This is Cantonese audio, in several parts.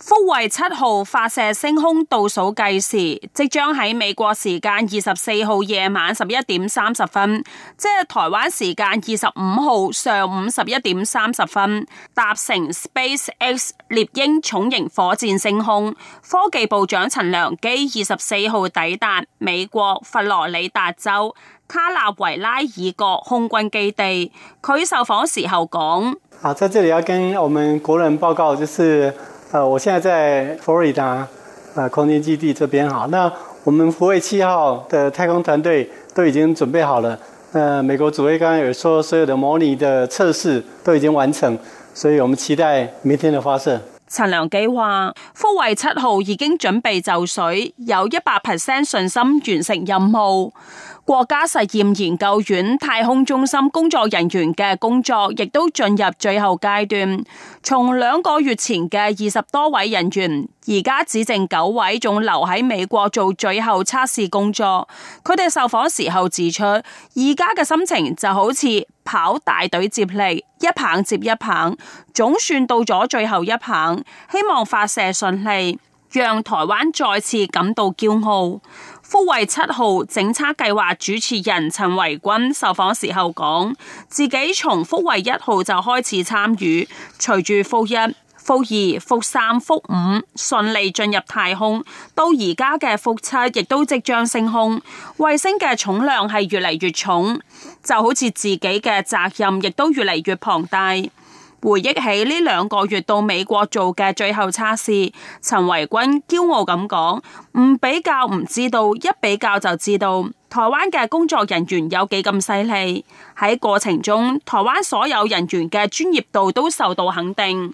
福衛七號發射升空倒數計時，即將喺美國時間二十四號夜晚十一點三十分，即係台灣時間二十五號上午十一點三十分，搭乘 SpaceX 獵鷹重型火箭升空。科技部長陳良基二十四號抵達美國佛羅里達州卡納維拉爾角空軍基地，佢受訪時候講：，啊，在這裡要跟我們國人報告，就是。呃，我現在在佛羅里達呃空軍基地這邊哈，那我們福衛七號的太空團隊都已經準備好了。呃，美國主委剛剛有說，所有的模擬的測試都已經完成，所以我們期待明天的發射。陳良基話，福衛七號已經準備就緒，有一百 percent 信心完成任務。國家實驗研究院太空中心工作人員嘅工作亦都進入最後階段，從兩個月前嘅二十多位人員。而家只剩九位仲留喺美國做最後測試工作。佢哋受訪時候指出，而家嘅心情就好似跑大隊接力，一棒接一棒，總算到咗最後一棒，希望發射順利，讓台灣再次感到驕傲。福衛七號整測計劃主持人陳維均受訪時候講，自己從福衛一號就開始參與，隨住福一。福二、福三、福五順利進入太空，到而家嘅福七亦都即將升空。衛星嘅重量係越嚟越重，就好似自己嘅責任亦都越嚟越龐大。回憶起呢兩個月到美國做嘅最後測試，陳維均驕傲咁講：唔比較唔知道，一比較就知道台灣嘅工作人員有幾咁犀利。喺過程中，台灣所有人員嘅專業度都受到肯定。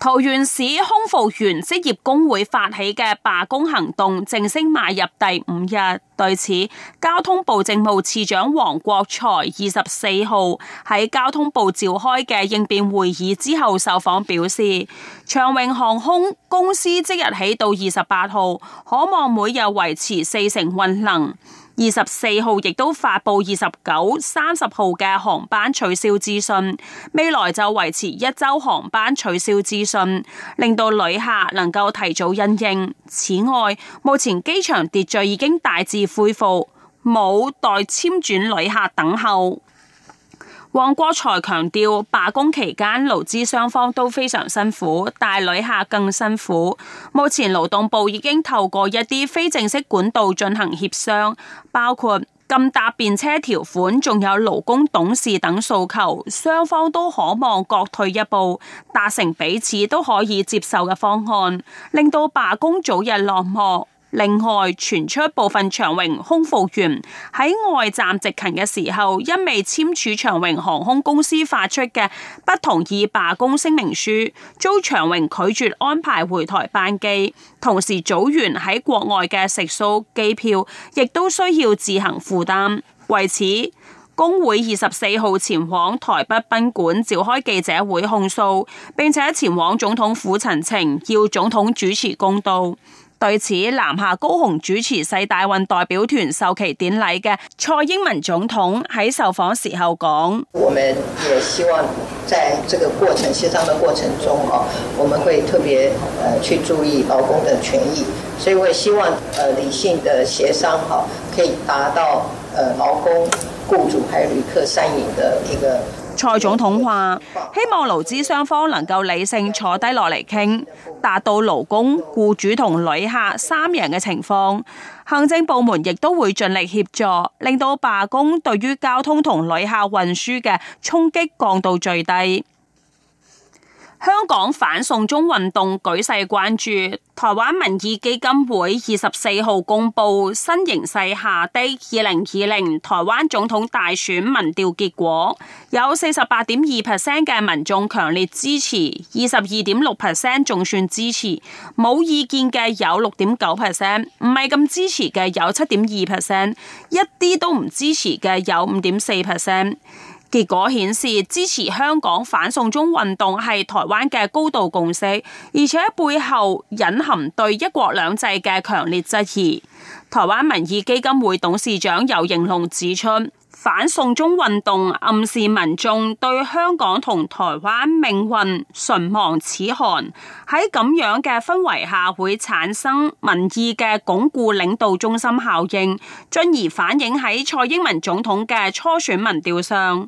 桃園市空服員職業工會發起嘅罷工行動，正式邁入第五日。對此，交通部政務次長王國材二十四號喺交通部召開嘅應變會議之後，受訪表示，長榮航空公司即日起到二十八號，可望每日維持四成運能。二十四號亦都發布二十九、三十號嘅航班取消資訊，未來就維持一周航班取消資訊，令到旅客能夠提早因應。此外，目前機場秩序已經大致恢復，冇待簽轉旅客等候。王國材強調，罷工期間勞資雙方都非常辛苦，但旅客更辛苦。目前勞動部已經透過一啲非正式管道進行協商，包括禁搭便車條款，仲有勞工董事等訴求，雙方都可望各退一步，達成彼此都可以接受嘅方案，令到罷工早日落幕。另外，傳出部分長榮空服員喺外站值勤嘅時候，因未簽署長榮航空公司發出嘅不同意罷工聲明書，遭長榮拒絕安排回台班機。同時，組員喺國外嘅食宿機票亦都需要自行負擔。為此，工會二十四號前往台北賓館召開記者會控訴，並且前往總統府陳情，要總統主持公道。對此，南下高雄主持世大運代表團授旗典禮嘅蔡英文總統喺受訪時候講：我們也希望在這個過程協商的過程中啊，我們會特別去注意勞工嘅權益，所以我希望誒理性的協商，哈，可以達到誒勞工、僱主還有旅客三贏嘅一個。蔡總統話：希望勞資雙方能夠理性坐低落嚟傾，達到勞工、雇主同旅客三贏嘅情況。行政部門亦都會盡力協助，令到罷工對於交通同旅客運輸嘅衝擊降到最低。香港反送中運動舉世關注。台灣民意基金會二十四號公布新形勢下的二零二零台灣總統大選民調結果，有四十八點二 percent 嘅民眾強烈支持，二十二點六 percent 仲算支持，冇意見嘅有六點九 percent，唔係咁支持嘅有七點二 percent，一啲都唔支持嘅有五點四 percent。結果顯示支持香港反送中運動係台灣嘅高度共識，而且背後隱含對一國兩制嘅強烈質疑。台灣民意基金會董事長游盈隆指出，反送中運動暗示民眾對香港同台灣命運唇亡齒寒。喺咁樣嘅氛圍下，會產生民意嘅鞏固領導中心效應，進而反映喺蔡英文總統嘅初選民調上。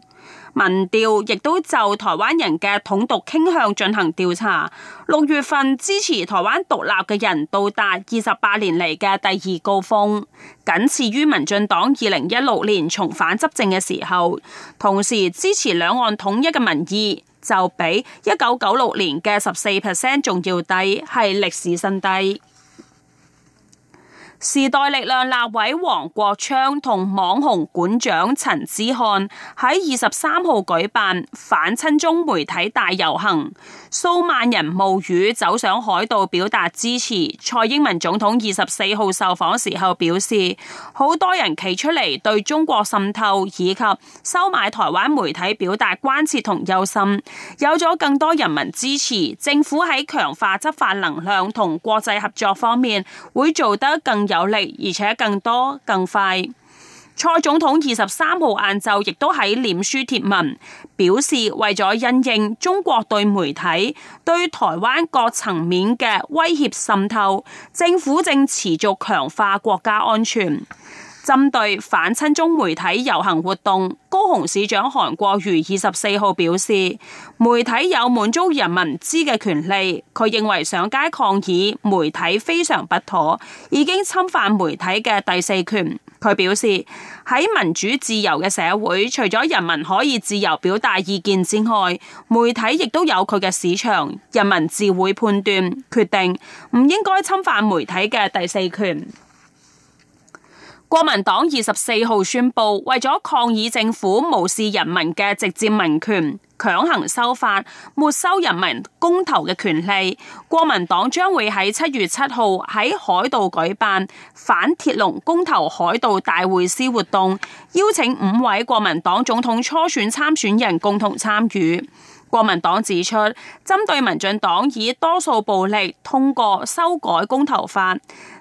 民調亦都就台灣人嘅統獨傾向進行調查。六月份支持台灣獨立嘅人到達二十八年嚟嘅第二高峰，僅次於民進黨二零一六年重返執政嘅時候。同時支持兩岸統一嘅民意就比一九九六年嘅十四 percent 仲要低，係歷史新低。時代力量立委黃國昌同網紅館長陳之漢喺二十三號舉辦反親中媒體大遊行，數萬人冒雨走上海道表達支持。蔡英文總統二十四號受訪時候表示，好多人企出嚟對中國滲透以及收買台灣媒體表達關切同憂心，有咗更多人民支持，政府喺強化執法能量同國際合作方面會做得更有力，而且更多、更快。蔡總統二十三號晏晝亦都喺臉書貼文，表示為咗因應中國對媒體、對台灣各層面嘅威脅滲透，政府正持續強化國家安全。針對反親中媒體遊行活動，高雄市長韓國瑜二十四號表示，媒體有滿足人民知嘅權利。佢認為上街抗議，媒體非常不妥，已經侵犯媒體嘅第四權。佢表示喺民主自由嘅社會，除咗人民可以自由表達意見之外，媒體亦都有佢嘅市場，人民自會判斷決定，唔應該侵犯媒體嘅第四權。國民黨二十四號宣布，為咗抗議政府無視人民嘅直接民權，強行修法沒收人民公投嘅權利。國民黨將會喺七月七號喺凱道舉辦反鐵籠公投凱道大會師活動，邀請五位國民黨總統初選參選人共同參與。國民黨指出，針對民進黨以多數暴力通過修改公投法。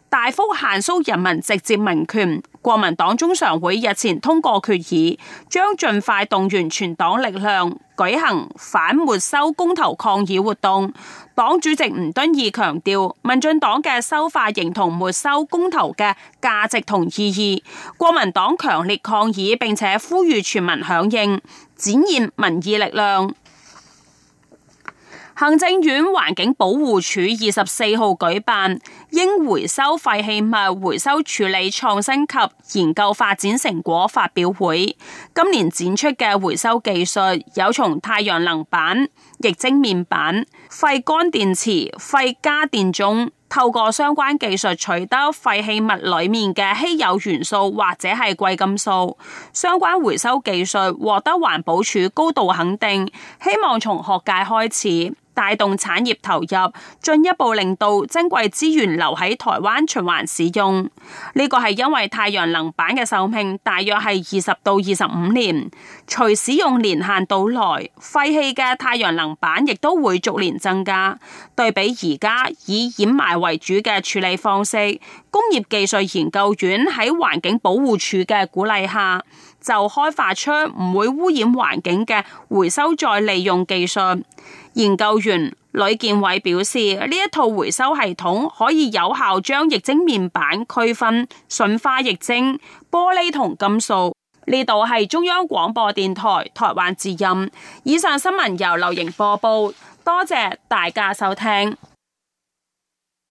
大幅限縮人民直接民權，國民黨中常會日前通過決議，將盡快動員全黨力量舉行反沒收公投抗議活動。黨主席吳敦義強調，民進黨嘅收法形同沒收公投嘅價值同意義，國民黨強烈抗議，並且呼籲全民響應，展現民意力量。行政院環境保護署二十四號舉辦應回收廢棄物回收處理創新及研究發展成果發表會。今年展出嘅回收技術有從太陽能板、液晶面板、廢乾電池、廢家電中透過相關技術取得廢棄物裏面嘅稀有元素或者係貴金屬。相關回收技術獲得環保署高度肯定，希望從學界開始。帶動產業投入，進一步令到珍貴資源留喺台灣循環使用。呢個係因為太陽能板嘅壽命大約係二十到二十五年，隨使用年限到來，廢棄嘅太陽能板亦都會逐年增加。對比而家以掩埋為主嘅處理方式，工業技術研究院喺環境保護署嘅鼓勵下，就開發出唔會污染環境嘅回收再利用技術。研究員呂建偉表示，呢一套回收系統可以有效將液晶面板區分純化液晶、玻璃同金屬。呢度係中央廣播電台台灣之音。以上新聞由劉瑩播報，多謝大家收聽。